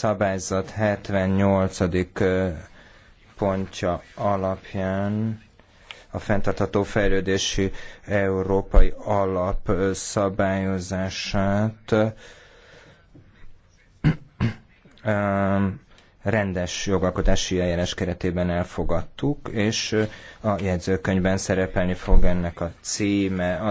szabályzat 78. pontja alapján a fenntartható fejlődési európai alap szabályozását rendes jogalkotási eljárás keretében elfogadtuk, és a jegyzőkönyvben szerepelni fog ennek a címe. Az